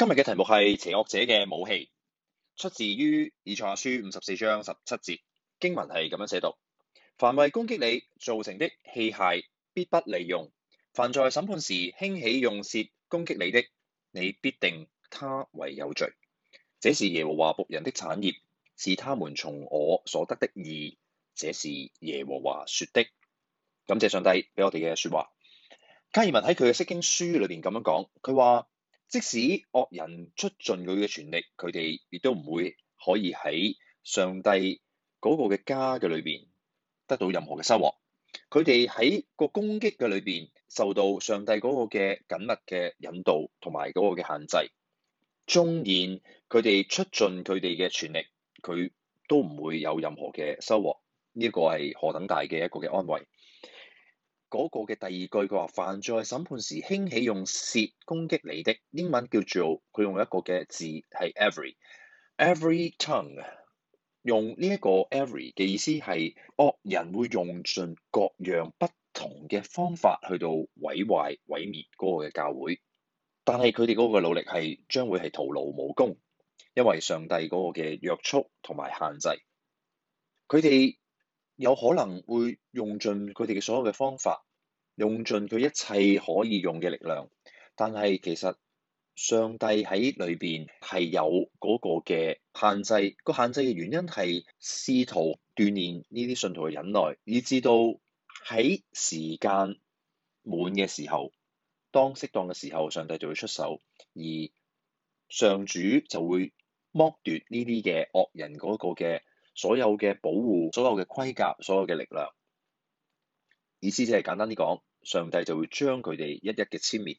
今日嘅題目係邪惡者嘅武器，出自於以賽亞書五十四章十七節，經文係咁樣寫道：凡為攻擊你造成的器械，必不利用；凡在審判時興起用舌攻擊你的，你必定他為有罪。這是耶和華僕人的產業，是他們從我所得的義。這是耶和華說的。感謝上帝俾我哋嘅說話。加爾文喺佢嘅釋經書裏邊咁樣講，佢話。即使惡人出盡佢嘅全力，佢哋亦都唔會可以喺上帝嗰個嘅家嘅裏邊得到任何嘅收穫。佢哋喺個攻擊嘅裏邊受到上帝嗰個嘅緊密嘅引導同埋嗰個嘅限制，縱然佢哋出盡佢哋嘅全力，佢都唔會有任何嘅收穫。呢一個係何等大嘅一個嘅安慰。嗰個嘅第二句佢話：凡在審判時興起用舌攻擊你的，英文叫做佢用一個嘅字係 every，every tongue。用呢一個 every 嘅意思係惡人會用盡各樣不同嘅方法去到毀壞、毀滅嗰個嘅教會，但係佢哋嗰個努力係將會係徒勞無功，因為上帝嗰個嘅約束同埋限制，佢哋。有可能會用盡佢哋嘅所有嘅方法，用盡佢一切可以用嘅力量，但係其實上帝喺裏邊係有嗰個嘅限制，個限制嘅原因係試圖鍛鍊呢啲信徒嘅忍耐，以至到喺時間滿嘅時候，當適當嘅時候，上帝就會出手，而上主就會剝奪呢啲嘅惡人嗰個嘅。所有嘅保護、所有嘅規格、所有嘅力量，意思就係、是、簡單啲講，上帝就會將佢哋一一嘅殲滅。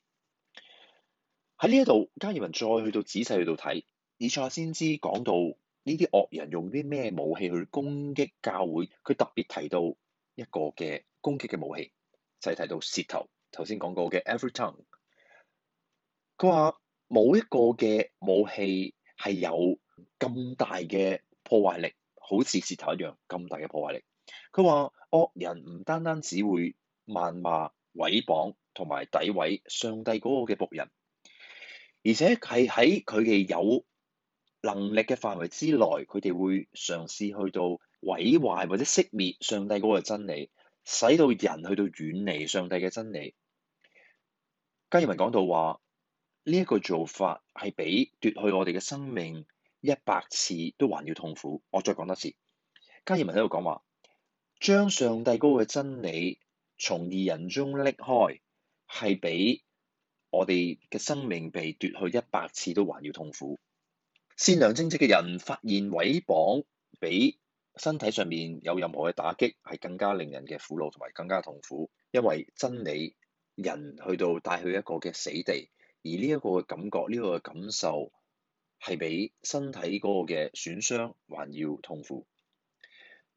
喺呢一度，加爾文再去到仔細去到睇，以賽亞先知講到呢啲惡人用啲咩武器去攻擊教會，佢特別提到一個嘅攻擊嘅武器，就係、是、提到舌頭。頭先講過嘅 every tongue，佢話冇一個嘅武器係有咁大嘅破壞力。好似舌頭一樣咁大嘅破壞力。佢話惡人唔單單只會謾罵、毀謗同埋詆毀上帝嗰個嘅僕人，而且係喺佢哋有能力嘅範圍之內，佢哋會嘗試去到毀壞或者熄滅上帝嗰個真理，使到人去到遠離上帝嘅真理。加爾文講到話，呢、這、一個做法係比奪去我哋嘅生命。一百次都還要痛苦。我再講多次，加爾文喺度講話，將上帝高嘅真理從二人中拎開，係比我哋嘅生命被奪去一百次都還要痛苦。善良正直嘅人發現毀謗，比身體上面有任何嘅打擊係更加令人嘅苦惱同埋更加痛苦，因為真理人去到帶去一個嘅死地，而呢一個嘅感覺，呢、這個嘅感受。係比身體嗰個嘅損傷還要痛苦，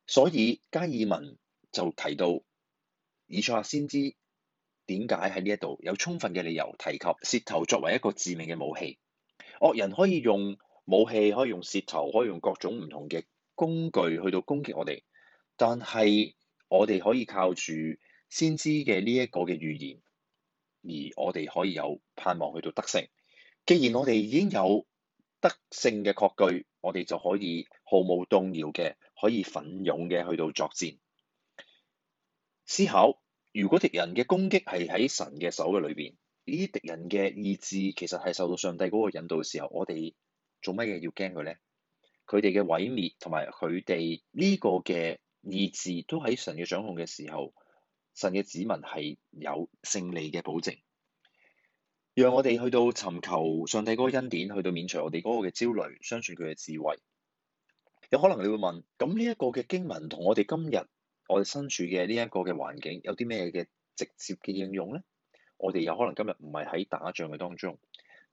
所以加爾文就提到，以賽亞先知點解喺呢一度有充分嘅理由提及舌頭作為一個致命嘅武器。惡人可以用武器，可以用舌頭，可以用各種唔同嘅工具去到攻擊我哋，但係我哋可以靠住先知嘅呢一個嘅預言，而我哋可以有盼望去到得勝。既然我哋已經有得勝嘅確據，我哋就可以毫無動搖嘅，可以奮勇嘅去到作戰。思考，如果敵人嘅攻擊係喺神嘅手嘅裏邊，呢啲敵人嘅意志其實係受到上帝嗰個引導嘅時候，我哋做乜嘢要驚佢呢？佢哋嘅毀滅同埋佢哋呢個嘅意志都喺神嘅掌控嘅時候，神嘅子民係有勝利嘅保證。讓我哋去到尋求上帝嗰個恩典，去到免除我哋嗰個嘅焦慮，相信佢嘅智慧。有可能你會問，咁呢一個嘅經文同我哋今日我哋身處嘅呢一個嘅環境有啲咩嘅直接嘅應用咧？我哋有可能今日唔係喺打仗嘅當中，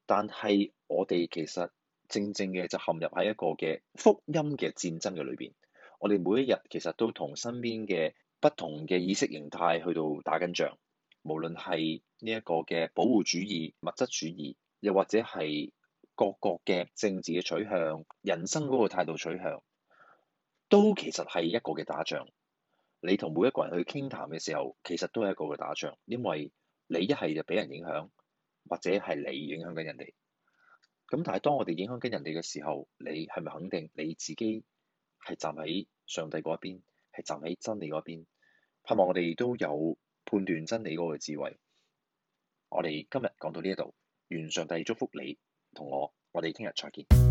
但係我哋其實正正嘅就陷入喺一個嘅福音嘅戰爭嘅裏邊。我哋每一日其實都同身邊嘅不同嘅意識形態去到打緊仗。無論係呢一個嘅保護主義、物質主義，又或者係各國嘅政治嘅取向、人生嗰個態度取向，都其實係一個嘅打仗。你同每一個人去傾談嘅時候，其實都係一個嘅打仗，因為你一係就俾人影響，或者係你影響緊人哋。咁但係當我哋影響緊人哋嘅時候，你係咪肯定你自己係站喺上帝嗰一邊，係站喺真理嗰邊？盼望我哋都有判斷真理嗰個智慧，我哋今日講到呢一度，願上帝祝福你同我，我哋聽日再見。